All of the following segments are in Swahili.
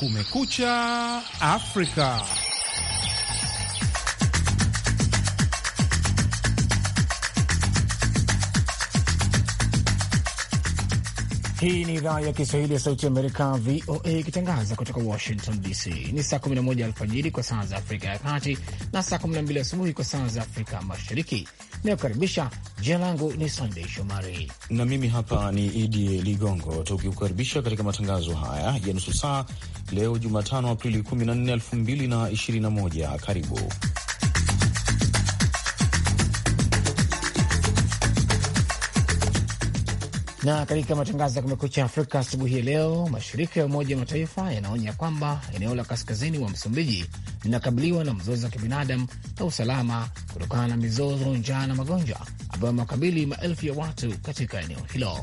Kumekucha Afrika. Hii ni idhaa ya Kiswahili ya Sauti Amerika, VOA, ikitangaza kutoka Washington DC. Ni saa 11 alfajiri kwa saa za Afrika ya Kati na saa 12 asubuhi kwa saa za Afrika Mashariki. Inayokaribisha, jina langu ni Sandei Shomari na mimi hapa ni Idi Ligongo, tukikukaribisha katika matangazo haya ya nusu saa leo Jumatano, Aprili 14, 2021. Karibu Na katika matangazo ya Kumekucha Afrika asubuhi ya leo, mashirika ya Umoja wa Mataifa yanaonya kwamba eneo la kaskazini wa Msumbiji linakabiliwa na mzozo wa kibinadamu na usalama kutokana na mizozo, njaa na magonjwa ambayo makabili maelfu ya watu katika eneo hilo.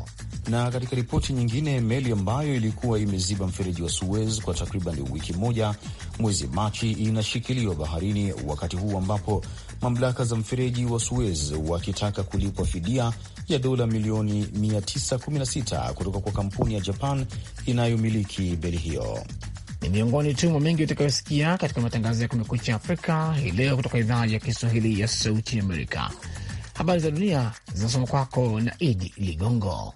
Na katika ripoti nyingine, meli ambayo ilikuwa imeziba mfereji wa Suez kwa takriban wiki moja mwezi Machi inashikiliwa baharini wakati huu ambapo mamlaka za mfereji wa Suez wakitaka kulipwa fidia ya dola milioni 916 kutoka kwa kampuni ya Japan inayomiliki beli hiyo. Ni miongoni tu mwa mengi utakayosikia katika matangazo ya Kumekucha Afrika hii leo kutoka idhaa ya Kiswahili ya Sauti Amerika. Habari za dunia zinasoma kwako na Idi Ligongo.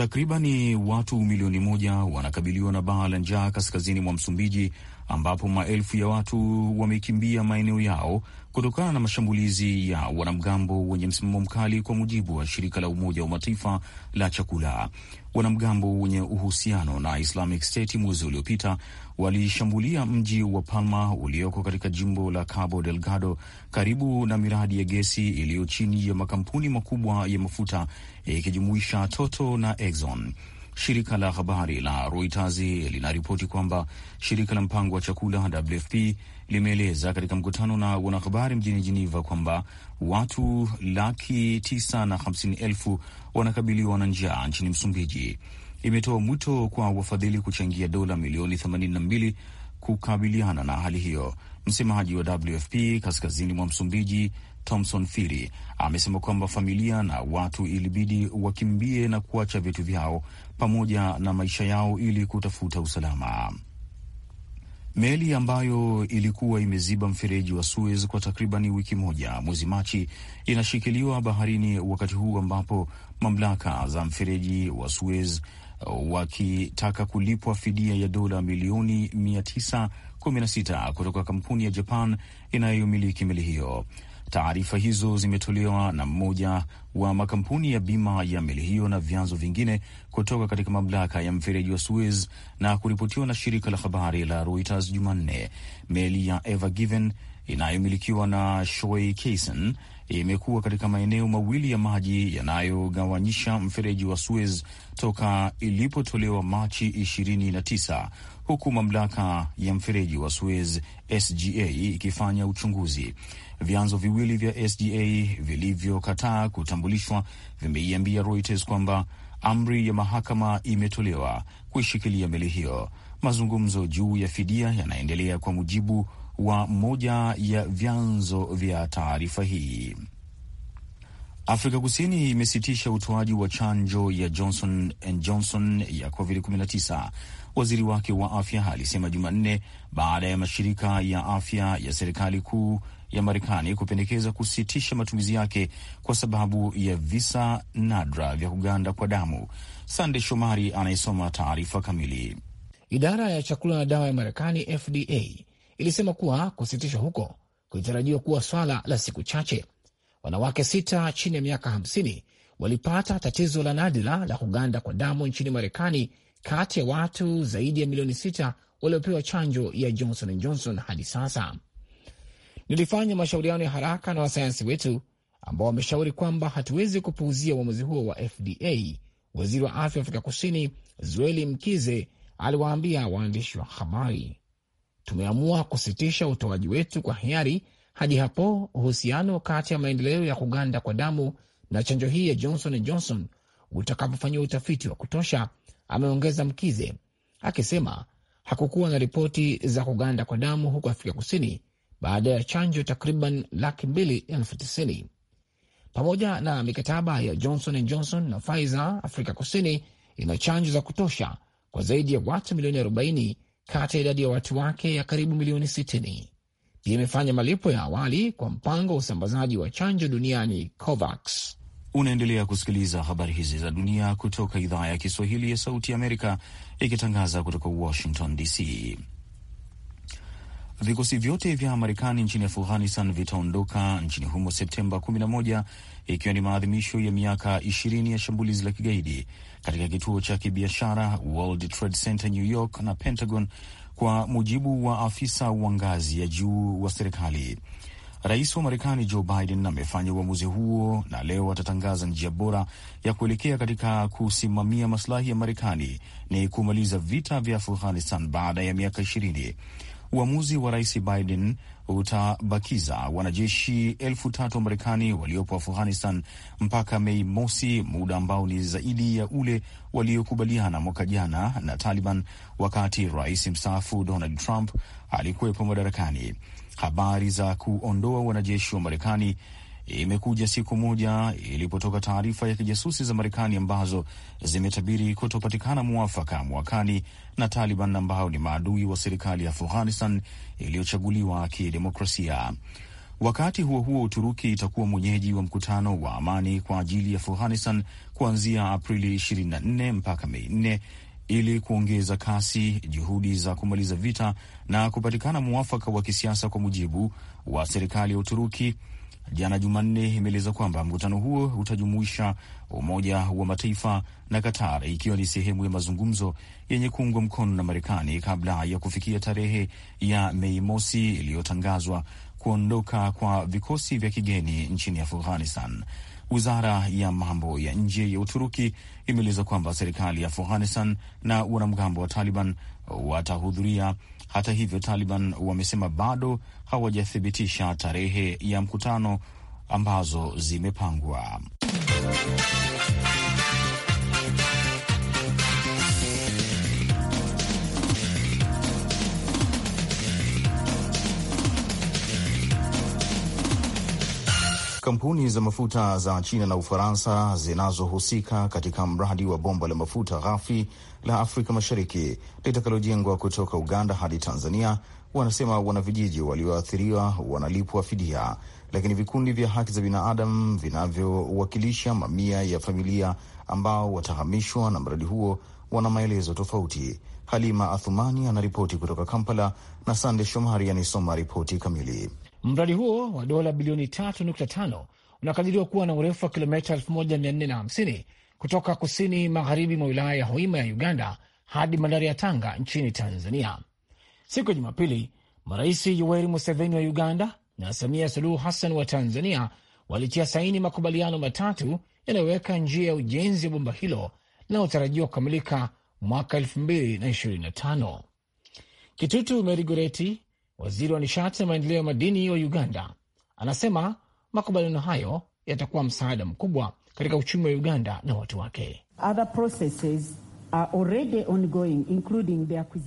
Takribani watu milioni moja wanakabiliwa na baa la njaa kaskazini mwa Msumbiji ambapo maelfu ya watu wamekimbia maeneo yao kutokana na mashambulizi ya wanamgambo wenye msimamo mkali, kwa mujibu wa shirika la Umoja wa Mataifa la chakula. Wanamgambo wenye uhusiano na Islamic State mwezi uliopita walishambulia mji wa Palma ulioko katika jimbo la Cabo Delgado karibu na miradi ya gesi iliyo chini ya makampuni makubwa ya mafuta ikijumuisha Total na Exxon. Shirika la habari la Reuters linaripoti kwamba shirika la mpango wa chakula WFP limeeleza katika mkutano na wanahabari mjini Jeneva kwamba watu laki tisa na hamsini elfu wanakabiliwa na njaa nchini Msumbiji. Imetoa mwito kwa wafadhili kuchangia dola milioni 82 kukabiliana na hali hiyo. Msemaji wa WFP kaskazini mwa Msumbiji Thomson Firi amesema kwamba familia na watu ilibidi wakimbie na kuacha vitu vyao pamoja na maisha yao ili kutafuta usalama. Meli ambayo ilikuwa imeziba mfereji wa Suez kwa takribani wiki moja mwezi Machi inashikiliwa baharini wakati huu ambapo mamlaka za mfereji wa Suez uh, wakitaka kulipwa fidia ya dola milioni 916 kutoka kampuni ya Japan inayomiliki meli hiyo. Taarifa hizo zimetolewa na mmoja wa makampuni ya bima ya meli hiyo na vyanzo vingine kutoka katika mamlaka ya mfereji wa Suez na kuripotiwa na shirika la habari la Reuters Jumanne. Meli ya Ever Given inayomilikiwa na Shoei Kaisen imekuwa katika maeneo mawili ya maji yanayogawanyisha mfereji wa Suez toka ilipotolewa Machi 29 huku mamlaka ya mfereji wa Suez SGA ikifanya uchunguzi. Vyanzo viwili vya SDA vilivyokataa kutambulishwa vimeiambia Reuters kwamba amri ya mahakama imetolewa kuishikilia meli hiyo. Mazungumzo juu ya fidia yanaendelea kwa mujibu wa moja ya vyanzo vya taarifa hii. Afrika Kusini imesitisha utoaji wa chanjo ya Johnson and Johnson ya COVID-19, waziri wake wa afya alisema Jumanne, baada ya mashirika ya afya ya serikali kuu ya Marekani kupendekeza kusitisha matumizi yake kwa sababu ya visa nadra vya kuganda kwa damu. Sande Shomari anayesoma taarifa kamili. Idara ya chakula na dawa ya Marekani, FDA, ilisema kuwa kusitishwa huko kulitarajiwa kuwa swala la siku chache. Wanawake sita chini ya miaka 50 walipata tatizo la nadra la kuganda kwa damu nchini Marekani kati ya watu zaidi ya milioni sita waliopewa chanjo ya Johnson and Johnson hadi sasa. Nilifanya mashauriano ya haraka na wasayansi wetu ambao wameshauri kwamba hatuwezi kupuuzia uamuzi huo wa FDA. Waziri wa afya wa Afrika Kusini Zweli Mkize aliwaambia waandishi wa habari, tumeamua kusitisha utoaji wetu kwa hiari hadi hapo uhusiano kati ya maendeleo ya kuganda kwa damu na chanjo hii ya Johnson Johnson utakapofanyiwa utafiti wa kutosha, ameongeza Mkize akisema hakukuwa na ripoti za kuganda kwa damu huko Afrika Kusini baada ya chanjo takriban laki mbili elfu tisini pamoja na mikataba ya Johnson and Johnson na Pfizer. Afrika Kusini ina chanjo za kutosha kwa zaidi ya watu milioni 40 kati ya idadi ya watu wake ya karibu milioni 60. Pia imefanya malipo ya awali kwa mpango wa usambazaji wa chanjo duniani COVAX. Unaendelea kusikiliza habari hizi za dunia kutoka idhaa ya Kiswahili ya Sauti ya Amerika, ikitangaza kutoka Washington DC. Vikosi vyote vya Marekani nchini Afghanistan vitaondoka nchini humo Septemba 11 ikiwa ni maadhimisho ya miaka 20 ya shambulizi la kigaidi katika kituo cha kibiashara World Trade Center New York na Pentagon, kwa mujibu wa afisa wa ngazi ya juu wa serikali. Rais wa Marekani Joe Biden amefanya uamuzi huo na leo atatangaza njia bora ya kuelekea katika kusimamia masilahi ya Marekani ni kumaliza vita vya Afghanistan baada ya miaka ishirini. Uamuzi wa Rais Biden utabakiza wanajeshi elfu tatu wa Marekani waliopo Afghanistan mpaka Mei mosi, muda ambao ni zaidi ya ule waliokubaliana mwaka jana na Taliban wakati rais mstaafu Donald Trump alikuwepo madarakani. Habari za kuondoa wanajeshi wa Marekani imekuja siku moja ilipotoka taarifa ya kijasusi za Marekani ambazo zimetabiri kutopatikana mwafaka mwakani na Taliban ambao ni maadui wa serikali ya Afghanistan iliyochaguliwa kidemokrasia. Wakati huo huo, Uturuki itakuwa mwenyeji wa mkutano wa amani kwa ajili ya Afghanistan kuanzia Aprili 24 mpaka Mei 4 ili kuongeza kasi juhudi za kumaliza vita na kupatikana mwafaka wa kisiasa, kwa mujibu wa serikali ya Uturuki jana Jumanne imeeleza kwamba mkutano huo utajumuisha Umoja wa Mataifa na Qatar, ikiwa ni sehemu ya mazungumzo yenye kuungwa mkono na Marekani kabla ya kufikia tarehe ya Mei mosi iliyotangazwa kuondoka kwa vikosi vya kigeni nchini Afghanistan. Wizara ya mambo ya nje ya Uturuki imeeleza kwamba serikali ya Afghanistan na wanamgambo wa Taliban watahudhuria hata hivyo, Taliban wamesema bado hawajathibitisha tarehe ya mkutano ambazo zimepangwa. Kampuni za mafuta za China na Ufaransa zinazohusika katika mradi wa bomba la mafuta ghafi la Afrika Mashariki litakalojengwa kutoka Uganda hadi Tanzania wanasema wanavijiji walioathiriwa wanalipwa fidia, lakini vikundi vya haki za binadamu vinavyowakilisha mamia ya familia ambao watahamishwa na mradi huo wana maelezo tofauti. Halima Athumani anaripoti kutoka Kampala na Sande Shomari anaisoma ripoti kamili. Mradi huo wa dola bilioni 3.5 unakadiriwa kuwa na urefu wa kilomita 1450 kutoka kusini magharibi mwa wilaya ya Hoima ya Uganda hadi bandari ya Tanga nchini Tanzania. Siku ya Jumapili, marais Yoweri Museveni wa Uganda na Samia Suluhu Hassan wa Tanzania walitia saini makubaliano matatu yanayoweka njia ya ujenzi wa bomba hilo linalotarajiwa kukamilika mwaka 2025. Kitutu Merigoreti, Waziri wa nishati na maendeleo ya madini wa Uganda anasema makubaliano hayo yatakuwa msaada mkubwa katika uchumi wa Uganda na watu wake.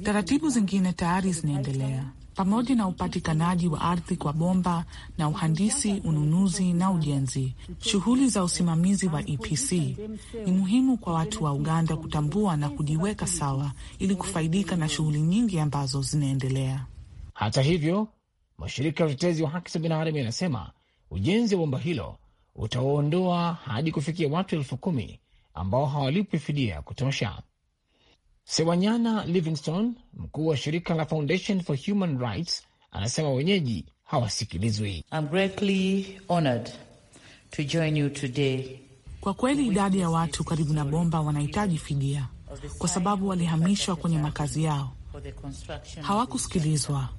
Taratibu zingine tayari zinaendelea pamoja na upatikanaji wa ardhi kwa bomba na uhandisi, ununuzi na ujenzi. Shughuli za usimamizi wa EPC ni muhimu kwa watu wa Uganda kutambua na kujiweka sawa ili kufaidika na shughuli nyingi ambazo zinaendelea. Hata hivyo, mashirika ya utetezi wa haki za binadamu yanasema ujenzi wa bomba hilo utawaondoa hadi kufikia watu elfu kumi ambao hawalipwi fidia ya kutosha. Sewanyana Livingstone, mkuu wa shirika la Foundation for Human Rights, anasema wenyeji hawasikilizwi. Kwa kweli idadi ya watu karibu na bomba wanahitaji fidia, kwa sababu walihamishwa kwenye makazi yao Hawakusikilizwa,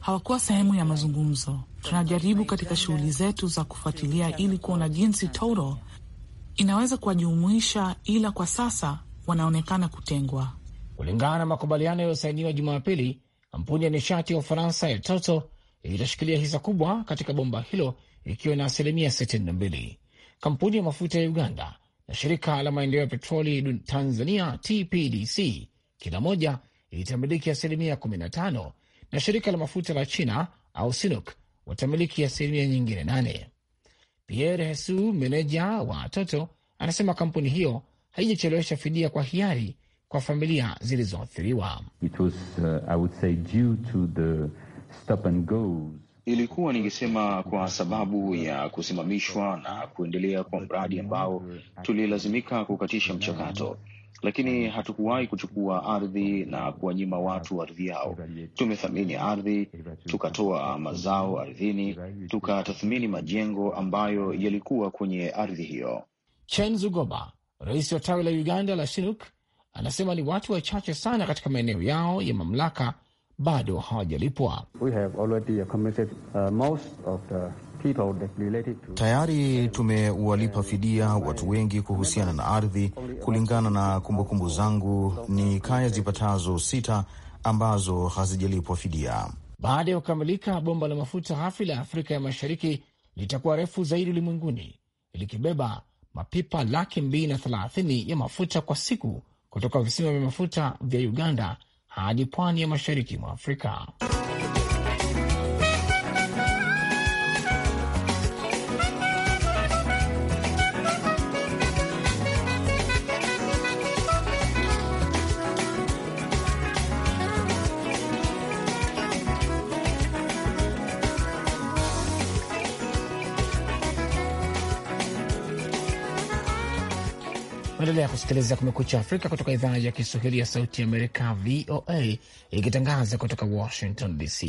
hawakuwa sehemu ya mazungumzo. Tunajaribu katika shughuli zetu za kufuatilia ili kuona jinsi Toro inaweza kuwajumuisha, ila kwa sasa wanaonekana kutengwa. Kulingana na makubaliano yaliyosainiwa Jumapili, kampuni ya nishati ya Ufaransa ya toto itashikilia hisa kubwa katika bomba hilo ikiwa na asilimia 62. Kampuni ya mafuta ya Uganda na shirika la maendeleo ya petroli Tanzania TPDC kila moja itamiliki asilimia 15 na shirika la mafuta la China au Sinuk watamiliki asilimia nyingine nane. Pierre Hesu, meneja wa watoto, anasema kampuni hiyo haijachelewesha fidia kwa hiari kwa familia zilizoathiriwa. Uh, ilikuwa ningesema kwa sababu ya kusimamishwa na kuendelea kwa mradi ambao tulilazimika kukatisha mchakato lakini hatukuwahi kuchukua ardhi na kuwanyima watu ardhi yao. Tumethamini ardhi, tukatoa mazao ardhini, tukatathmini majengo ambayo yalikuwa kwenye ardhi hiyo. chen zugoba rais wa tawi la Uganda la Sinuk, anasema ni watu wachache sana katika maeneo yao ya mamlaka bado hawajalipwa. Uh, Tayari tumewalipa fidia watu wengi kuhusiana na ardhi. Kulingana na kumbukumbu zangu, ni kaya zipatazo sita ambazo hazijalipwa fidia. Baada ya kukamilika, bomba la mafuta ghafi la Afrika ya Mashariki litakuwa refu zaidi ulimwenguni likibeba mapipa laki mbili na thelathini ya mafuta kwa siku kutoka visima vya mafuta vya Uganda hadi pwani ya mashariki mwa Afrika. Unaendelea kusikiliza Kumekucha Afrika kutoka idhaa ya Kiswahili ya Sauti ya Amerika, VOA, ikitangaza kutoka Washington DC.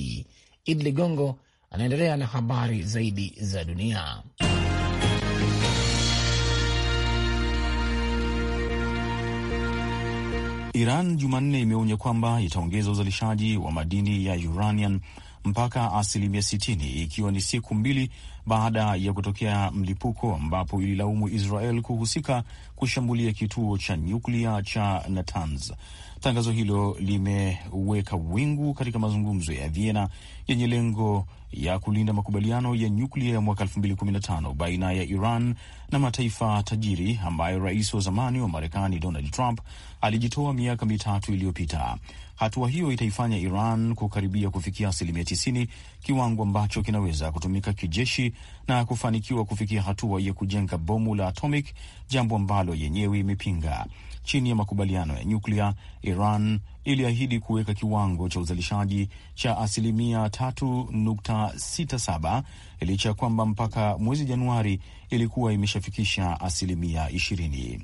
Idi Ligongo anaendelea na habari zaidi za dunia. Iran Jumanne imeonya kwamba itaongeza uzalishaji wa madini ya uranium mpaka asilimia 60 ikiwa ni siku mbili baada ya kutokea mlipuko ambapo ililaumu Israel kuhusika kushambulia kituo cha nyuklia cha Natanz. Tangazo hilo limeweka wingu katika mazungumzo ya Vienna yenye lengo ya kulinda makubaliano ya nyuklia ya mwaka 2015 baina ya Iran na mataifa tajiri ambayo rais wa zamani wa Marekani Donald Trump alijitoa miaka mitatu iliyopita. Hatua hiyo itaifanya Iran kukaribia kufikia asilimia 90, kiwango ambacho kinaweza kutumika kijeshi na kufanikiwa kufikia hatua ya kujenga bomu la atomic, jambo ambalo yenyewe imepinga. Chini ya makubaliano ya nyuklia, Iran iliahidi kuweka kiwango cha uzalishaji cha asilimia 3.67 licha ya kwamba mpaka mwezi Januari ilikuwa imeshafikisha asilimia 20.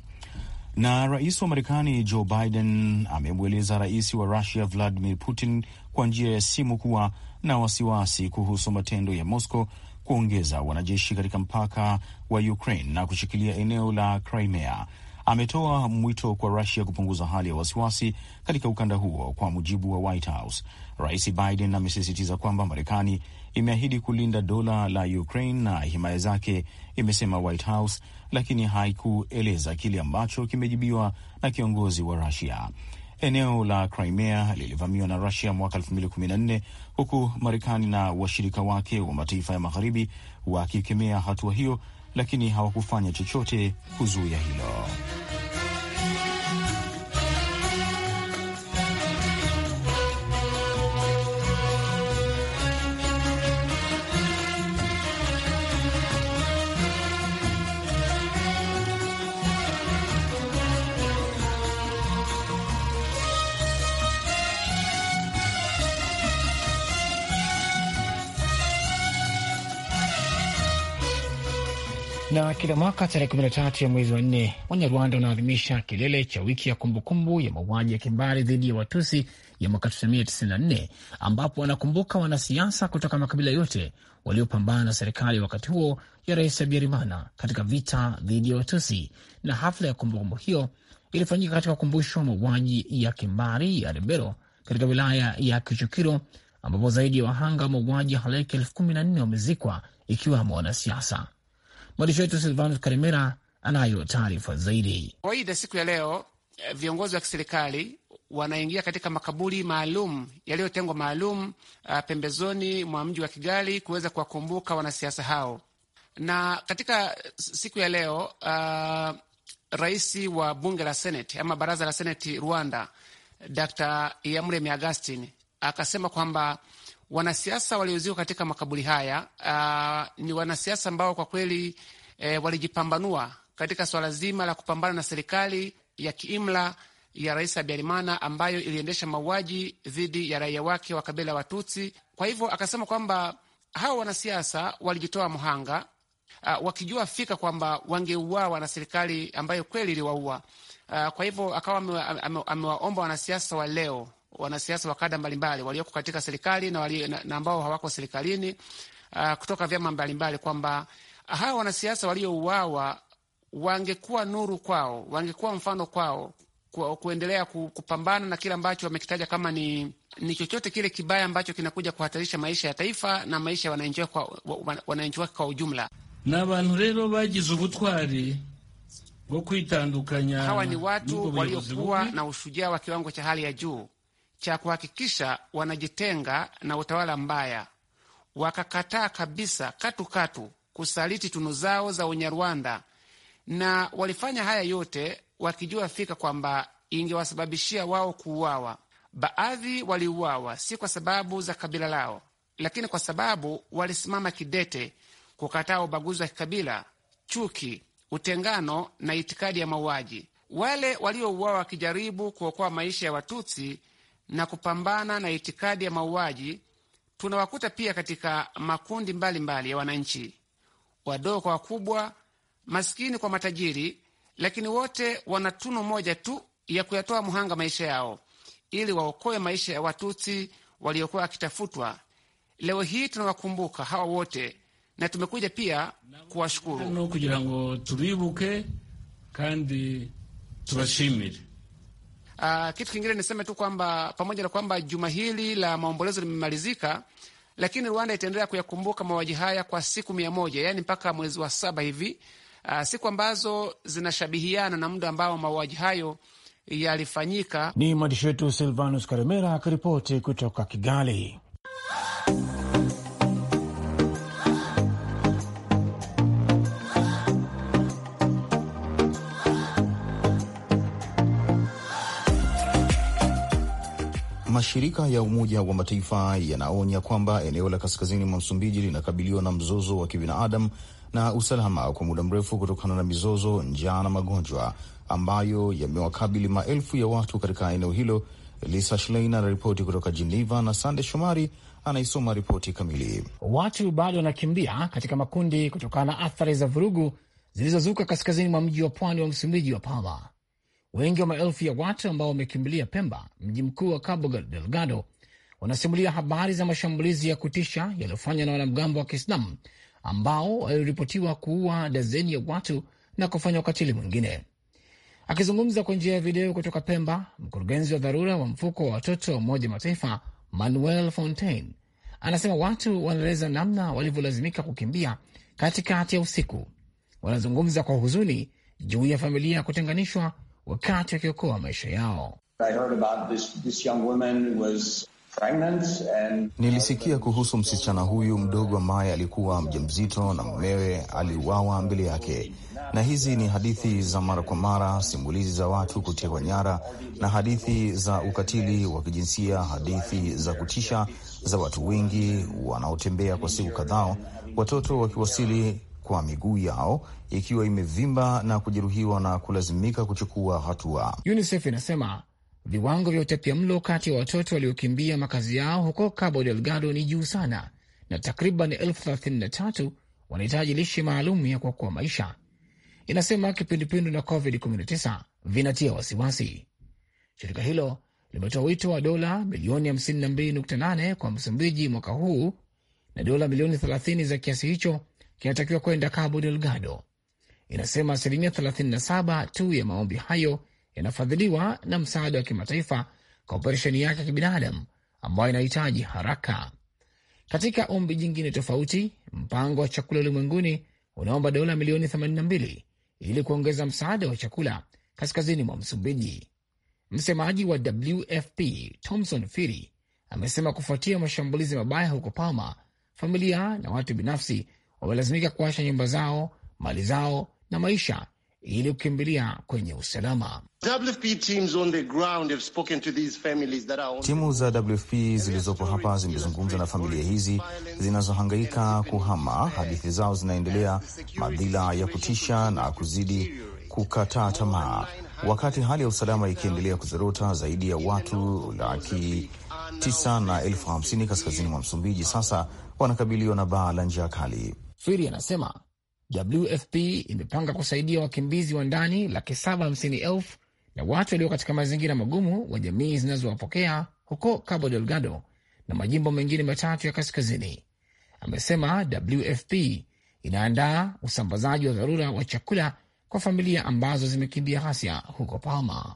Na rais wa Marekani Joe Biden amemweleza rais wa Rusia Vladimir Putin kwa njia ya simu kuwa na wasiwasi kuhusu matendo ya Moscow kuongeza wanajeshi katika mpaka wa Ukraine na kushikilia eneo la Crimea. Ametoa mwito kwa Rusia kupunguza hali ya wasiwasi katika ukanda huo. Kwa mujibu wa White House, Rais Biden amesisitiza kwamba Marekani imeahidi kulinda dola la Ukraine na himaya zake, imesema White House, lakini haikueleza kile ambacho kimejibiwa na kiongozi wa Rusia. Eneo la Crimea lilivamiwa na Rusia mwaka 2014 huku Marekani na washirika wake wa mataifa ya magharibi wakikemea hatua hiyo, lakini hawakufanya chochote kuzuia hilo. Na kila mwaka tarehe 13 ya mwezi wa nne Wanyarwanda wanaadhimisha kilele cha wiki ya kumbukumbu ya mauaji ya kimbari dhidi ya Watusi ya mwaka 1994 ambapo wanakumbuka wanasiasa kutoka makabila yote waliopambana na serikali wakati huo ya Rais Habyarimana katika vita dhidi ya Watusi. Na hafla ya kumbukumbu hiyo ilifanyika katika ukumbusho wa mauaji ya kimbari ya Rebero katika wilaya ya Kichukiro ambapo zaidi ya wahanga wa mauaji halaiki elfu kumi na nne wamezikwa ikiwemo wanasiasa. Mwandishi wetu Silvanus Karimera anayo taarifa zaidi. Kawaida siku ya leo eh, viongozi wa kiserikali wanaingia katika makaburi maalum yaliyotengwa maalum ah, pembezoni mwa mji wa Kigali kuweza kuwakumbuka wanasiasa hao. Na katika siku ya leo uh, rais wa bunge la seneti ama baraza la seneti Rwanda Dr. Iyamuremye Augustine akasema kwamba wanasiasa waliozikwa katika makaburi haya uh, ni wanasiasa ambao kwa kweli eh, walijipambanua katika swala zima la kupambana na serikali ya kiimla ya Rais Habyarimana ambayo iliendesha mauaji dhidi ya raia wake wa kabila Watutsi. Kwa hivyo akasema kwamba hawa wanasiasa walijitoa mhanga uh, ah, wakijua fika kwamba wangeuawa na serikali ambayo kweli iliwaua. Uh, kwa hivyo akawa amewaomba ame, ame, wanasiasa wa leo wanasiasa wa kada mbalimbali walioko katika serikali na, wali, na, na ambao hawako serikalini uh, kutoka vyama mbalimbali kwamba hawa wanasiasa waliouawa wangekuwa nuru kwao, wangekuwa mfano kwao kuendelea kupambana na kile ambacho wamekitaja kama ni, ni chochote kile kibaya ambacho kinakuja kuhatarisha maisha ya taifa na maisha ya wananchi wake kwa, kwa ujumla. Na abantu rero bagize ubutwari bwo kwitandukanya, hawa ni watu waliokuwa na ushujaa wa kiwango cha hali ya juu cha kuhakikisha wanajitenga na utawala mbaya, wakakataa kabisa katukatu katu kusaliti tunu zao za Unyarwanda, na walifanya haya yote wakijua fika kwamba ingewasababishia wao kuuawa. Baadhi waliuawa si kwa sababu za kabila lao, lakini kwa sababu walisimama kidete kukataa ubaguzi wa kikabila, chuki, utengano na itikadi ya mauaji. Wale waliouawa wakijaribu kuokoa maisha ya Watutsi na kupambana na itikadi ya mauaji tunawakuta pia katika makundi mbalimbali mbali ya wananchi, wadogo kwa wakubwa, maskini kwa matajiri, lakini wote wana tunu moja tu ya kuyatoa mhanga maisha yao ili waokoe maisha ya Watutsi waliokuwa wakitafutwa. Leo hii tunawakumbuka hawa wote na tumekuja pia kuwashukuru kugira ngo tubibuke kandi tubashimire Uh, kitu kingine niseme tu kwamba pamoja na kwamba juma hili la maombolezo limemalizika, lakini Rwanda itaendelea kuyakumbuka mauaji haya kwa siku mia moja yaani mpaka mwezi wa saba hivi, uh, siku ambazo zinashabihiana na muda ambao mauaji hayo yalifanyika. Ni mwandishi wetu Silvanus Karemera akiripoti kutoka Kigali. Mashirika ya Umoja wa Mataifa yanaonya kwamba eneo la kaskazini mwa Msumbiji linakabiliwa na mzozo wa kibinadamu na usalama kwa muda mrefu kutokana na mizozo, njaa na magonjwa ambayo yamewakabili maelfu ya watu katika eneo hilo. Lisa Schlein anaripoti kutoka Jeneva na Sande Shomari anaisoma ripoti kamili. Watu bado wanakimbia katika makundi kutokana na athari za vurugu zilizozuka kaskazini mwa mji wa pwani wa Msumbiji wa Palma. Wengi wa maelfu ya watu ambao wamekimbilia Pemba, mji mkuu wa Cabo Delgado, wanasimulia habari za mashambulizi ya kutisha yaliyofanywa na wanamgambo wa Kiislamu ambao waliripotiwa kuua dazeni ya watu na kufanya ukatili mwingine. Akizungumza kwa njia ya video kutoka Pemba, mkurugenzi wa dharura wa mfuko wa watoto wa Umoja Mataifa Manuel Fontaine anasema watu wanaeleza namna walivyolazimika kukimbia katikati ya usiku. Wanazungumza kwa huzuni juu ya familia ya kutenganishwa wakati wakiokoa maisha yao. And... nilisikia kuhusu msichana huyu mdogo ambaye alikuwa mjamzito na mumewe aliuawa mbele yake, na hizi ni hadithi za mara kwa mara, simulizi za watu kutekwa nyara na hadithi za ukatili wa kijinsia, hadithi za kutisha za watu wengi wanaotembea kwa siku kadhaa, watoto wakiwasili kwa miguu yao ikiwa imevimba na kujeruhiwa na kulazimika kuchukua hatua. UNICEF inasema viwango vya utapia mlo kati ya watoto waliokimbia makazi yao huko Cabo Delgado ni juu sana na takriban elfu thelathini na tatu wanahitaji lishe maalum ya kuokoa maisha. Inasema kipindupindu na COVID-19 vinatia wasiwasi. Shirika hilo limetoa wito wa dola milioni 52.8 kwa Msumbiji mwaka huu na dola milioni 30 za kiasi hicho kinatakiwa kwenda Cabo Delgado. Inasema asilimia 37 tu ya maombi hayo yanafadhiliwa na msaada wa kimataifa kwa operesheni yake ya kibinadamu ambayo inahitaji haraka. Katika ombi jingine tofauti, mpango wa chakula ulimwenguni unaomba dola milioni 82 ili kuongeza msaada wa chakula kaskazini mwa Msumbiji. Msemaji wa WFP Thomson Firi amesema kufuatia mashambulizi mabaya huko Palma, familia na watu binafsi wamelazimika kuacha nyumba zao, mali zao na maisha ili kukimbilia kwenye usalama. Timu za WFP zilizopo hapa zimezungumza na familia hizi zinazohangaika kuhama. Hadithi zao zinaendelea, madhila ya kutisha na kuzidi kukataa tamaa, wakati hali ya usalama ikiendelea kuzorota. Zaidi ya watu laki tisa na elfu hamsini kaskazini mwa Msumbiji sasa wanakabiliwa na baa la njaa kali. Firi anasema WFP imepanga kusaidia wakimbizi wa ndani laki saba hamsini elfu na watu walio katika mazingira magumu wa jamii zinazowapokea huko Cabo Delgado na majimbo mengine matatu ya kaskazini. Amesema WFP inaandaa usambazaji wa dharura wa chakula kwa familia ambazo zimekimbia ghasia huko Palma.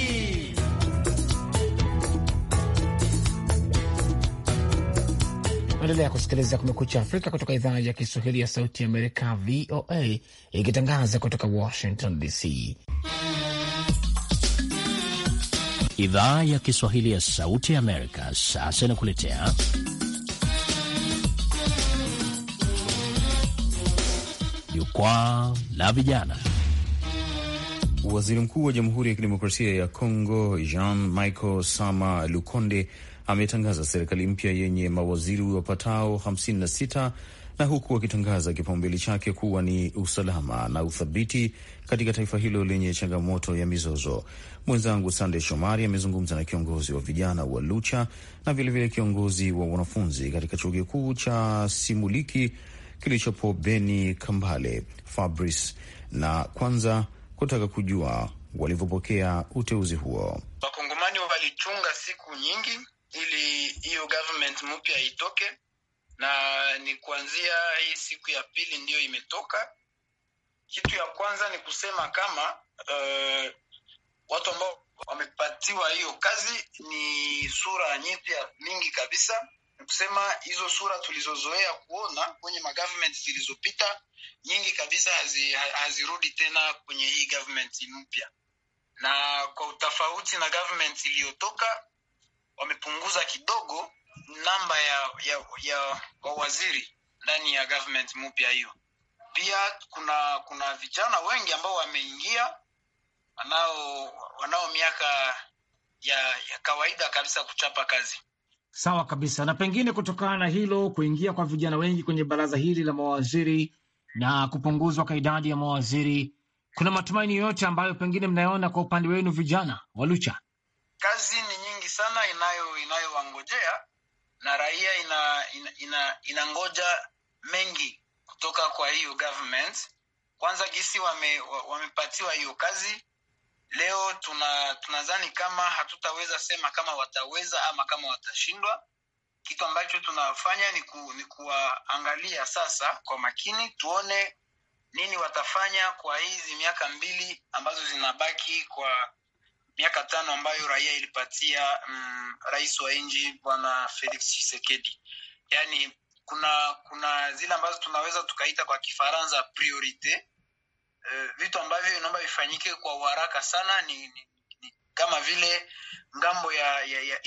Unaendelea kusikiliza Kumekucha Afrika kutoka idhaa ya Kiswahili ya Sauti Amerika, VOA, ikitangaza kutoka Washington DC. Idhaa ya Kiswahili ya Sauti Amerika sasa inakuletea jukwaa la vijana. Waziri Mkuu wa Jamhuri ya Kidemokrasia ya Kongo Jean Michael Sama Lukonde ametangaza serikali mpya yenye mawaziri wapatao 56 na huku akitangaza kipaumbele chake kuwa ni usalama na uthabiti katika taifa hilo lenye changamoto ya mizozo. Mwenzangu Sandey Shomari amezungumza na kiongozi wa vijana wa Lucha na vilevile kiongozi wa wanafunzi katika chuo kikuu cha Simuliki kilichopo Beni Kambale, Fabrice, na kwanza kutaka kujua walivyopokea uteuzi huo. Wakongomani walichunga siku nyingi ili hiyo government mpya itoke, na ni kuanzia hii siku ya pili ndiyo imetoka. Kitu ya kwanza ni kusema kama uh, watu ambao wamepatiwa hiyo kazi ni sura nyipya mingi kabisa. Ni kusema hizo sura tulizozoea kuona kwenye magovernment zilizopita nyingi kabisa hazirudi tena kwenye hii government mpya, na kwa utofauti na government iliyotoka wamepunguza kidogo namba ya, ya, ya wawaziri ndani ya government mpya hiyo. Pia kuna kuna vijana wengi ambao wameingia wanao wanao miaka ya, ya kawaida kabisa kuchapa kazi. Sawa kabisa. Na pengine kutokana na hilo kuingia kwa vijana wengi kwenye baraza hili la mawaziri na kupunguzwa kwa idadi ya mawaziri, kuna matumaini yoyote ambayo pengine mnayoona kwa upande wenu vijana wa Lucha? Kazi ni nyingi sana inayo inayowangojea na raia ina, ina, ina, inangoja mengi kutoka kwa hiyo government. Kwanza gisi wamepatiwa wame hiyo kazi leo, tuna tunadhani kama hatutaweza sema kama wataweza ama kama watashindwa, kitu ambacho tunafanya ni, ku, ni kuwaangalia sasa kwa makini tuone nini watafanya kwa hizi miaka mbili ambazo zinabaki kwa miaka tano ambayo raia ilipatia mm, rais wa nji bwana Felix chisekedi yani kuna kuna zile ambazo tunaweza tukaita kwa Kifaransa priorite e, eh, vitu ambavyo inaomba vifanyike kwa uharaka sana ni, ni, ni kama vile ngambo ya, ya, ya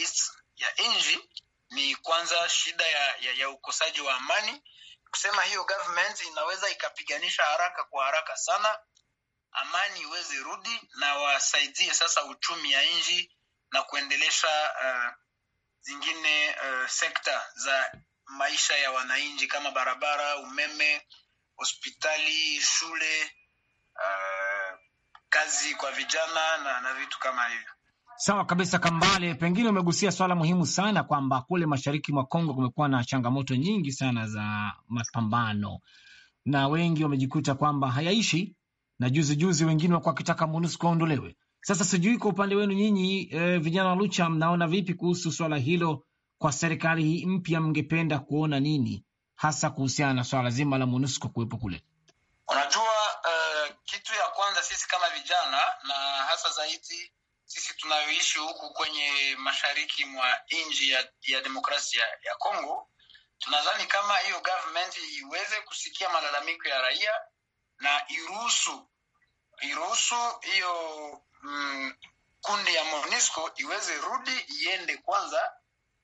ya nji ni kwanza shida ya, ya, ya ukosaji wa amani. Kusema hiyo government inaweza ikapiganisha haraka kwa haraka sana amani iweze rudi na wasaidie sasa uchumi ya nji na kuendelesha uh, zingine uh, sekta za maisha ya wananchi kama barabara, umeme, hospitali, shule, uh, kazi kwa vijana na, na vitu kama hivyo. Sawa kabisa, Kambale, pengine umegusia swala muhimu sana kwamba kule mashariki mwa Kongo kumekuwa na changamoto nyingi sana za mapambano na wengi wamejikuta kwamba hayaishi na juzi juzi wengine wakuwa wakitaka MONUSCO aondolewe. Sasa sijui kwa upande wenu nyinyi e, vijana wa Lucha mnaona vipi kuhusu swala hilo? Kwa serikali hii mpya mngependa kuona nini hasa kuhusiana na swala zima la MONUSCO kuwepo kule? Unajua, uh, kitu ya kwanza sisi kama vijana na hasa zaidi sisi tunayoishi huku kwenye mashariki mwa nchi ya, ya demokrasia ya Congo, tunadhani kama hiyo government iweze kusikia malalamiko ya raia na iruhusu iruhusu hiyo mm, kundi ya MONUSCO iweze rudi iende kwanza,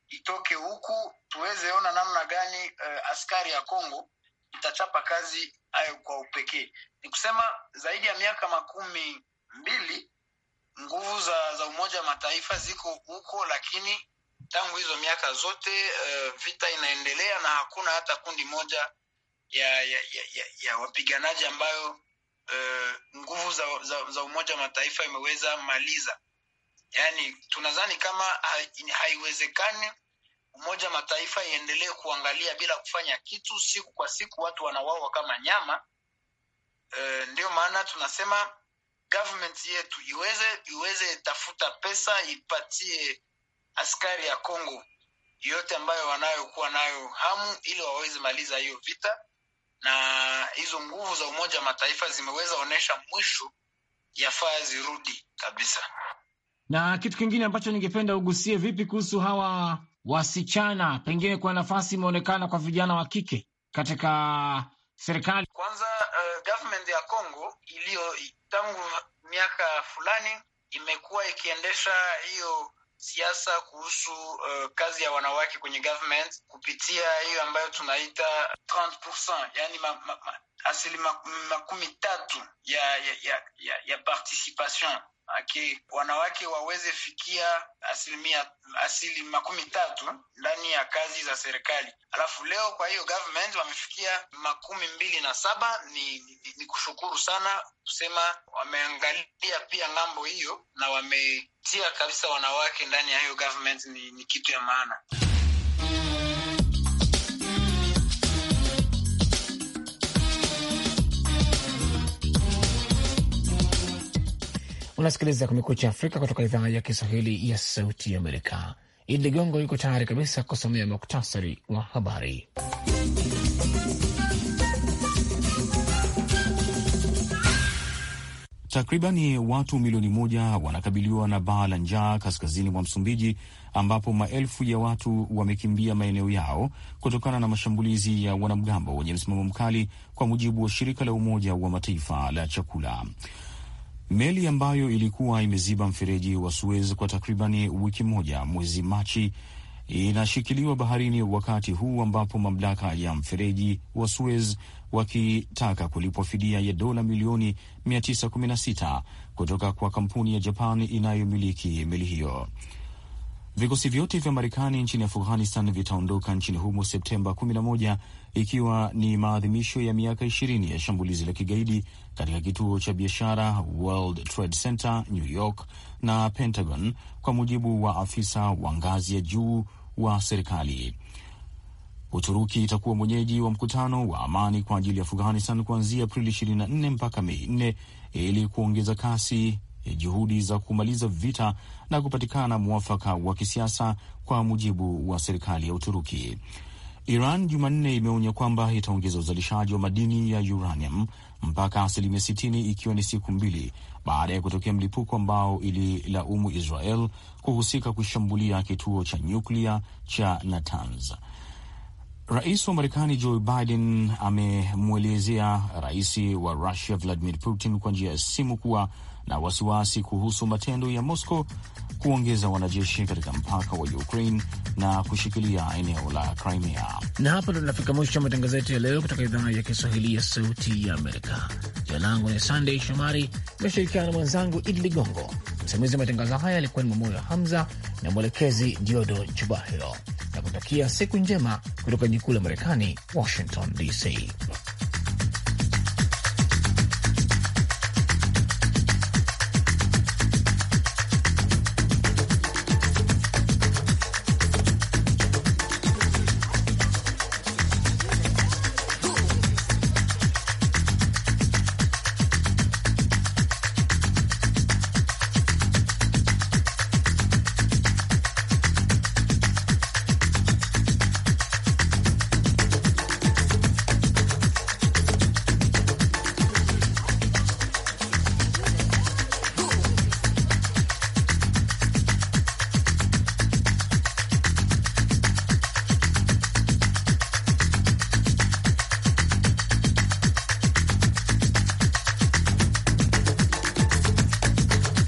itoke huku, tuweze ona namna gani uh, askari ya Congo itachapa kazi hayo kwa upekee. Ni kusema zaidi ya miaka makumi mbili nguvu za, za Umoja wa Mataifa ziko huko, lakini tangu hizo miaka zote uh, vita inaendelea na hakuna hata kundi moja ya, ya, ya, ya, ya wapiganaji ambayo uh, nguvu za, za, za Umoja wa Mataifa imeweza maliza. Yaani tunadhani kama haiwezekani Umoja wa Mataifa iendelee kuangalia bila kufanya kitu, siku kwa siku watu wanawaua kama nyama. Uh, ndio maana tunasema government yetu iweze iweze tafuta pesa ipatie askari ya Kongo yote ambayo wanayokuwa nayo hamu, ili waweze maliza hiyo vita, na hizo nguvu za Umoja wa Mataifa zimeweza onyesha mwisho, yafaa zirudi kabisa. Na kitu kingine ambacho ningependa ugusie, vipi kuhusu hawa wasichana, pengine kwa nafasi imeonekana kwa vijana wa kike katika serikali? Kwanza uh, government ya Kongo iliyo tangu miaka fulani imekuwa ikiendesha hiyo siasa kuhusu uh, kazi ya wanawake kwenye government kupitia hiyo ambayo tunaita 30%, yani ma, ma, ma, asilimia makumi tatu ya, ya, ya, ya, ya participation aki wanawake waweze fikia asilimia asili makumi tatu ndani ya kazi za serikali. Alafu leo kwa hiyo government wamefikia makumi mbili na saba. Ni, ni, ni kushukuru sana kusema wameangalia pia ng'ambo hiyo na wametia kabisa wanawake ndani ya hiyo government. Ni, ni kitu ya maana. Unasikiliza Kumekucha Afrika kutoka idhaa ya Kiswahili ya Sauti Amerika. Idi Ligongo yuko tayari kabisa kusomea muktasari wa habari. Takribani watu milioni moja wanakabiliwa na baa la njaa kaskazini mwa Msumbiji, ambapo maelfu ya watu wamekimbia maeneo yao kutokana na mashambulizi ya wanamgambo wenye msimamo mkali, kwa mujibu wa shirika la Umoja wa Mataifa la chakula. Meli ambayo ilikuwa imeziba mfereji wa Suez kwa takribani wiki moja mwezi Machi inashikiliwa baharini wakati huu ambapo mamlaka ya mfereji wa Suez wakitaka kulipwa fidia ya dola milioni 916 kutoka kwa kampuni ya Japan inayomiliki meli hiyo. Vikosi vyote vya Marekani nchini Afghanistan vitaondoka nchini humo Septemba ikiwa ni maadhimisho ya miaka ishirini ya shambulizi la kigaidi katika kituo cha biashara World Trade Center New York na Pentagon, kwa mujibu wa afisa wa ngazi ya juu wa serikali. Uturuki itakuwa mwenyeji wa mkutano wa amani kwa ajili ya Afghanistan kuanzia Aprili 24 mpaka Mei 4 ili kuongeza kasi juhudi za kumaliza vita na kupatikana mwafaka wa kisiasa, kwa mujibu wa serikali ya Uturuki. Iran Jumanne imeonya kwamba itaongeza uzalishaji wa madini ya uranium mpaka asilimia 60 ikiwa ni siku mbili baada ya kutokea mlipuko ambao ililaumu Israel kuhusika kushambulia kituo cha nyuklia cha Natanz. Rais wa Marekani Joe Biden amemwelezea rais wa Russia Vladimir Putin kwa njia ya simu kuwa na wasiwasi kuhusu matendo ya Moscow kuongeza wanajeshi katika mpaka wa Ukraine na kushikilia eneo la Crimea. Na hapa ndo tunafika mwisho wa matangazo yetu ya leo kutoka idhaa ya Kiswahili ya Sauti ya Amerika. Jina langu ni Sandey Shomari, imeshirikiana na mwenzangu Idi Ligongo. Msimamizi wa matangazo haya alikuwa ni Mamoyo Hamza na mwelekezi Diodo Chubahiro, na kutakia siku njema kutoka jikuu la Marekani, Washington DC.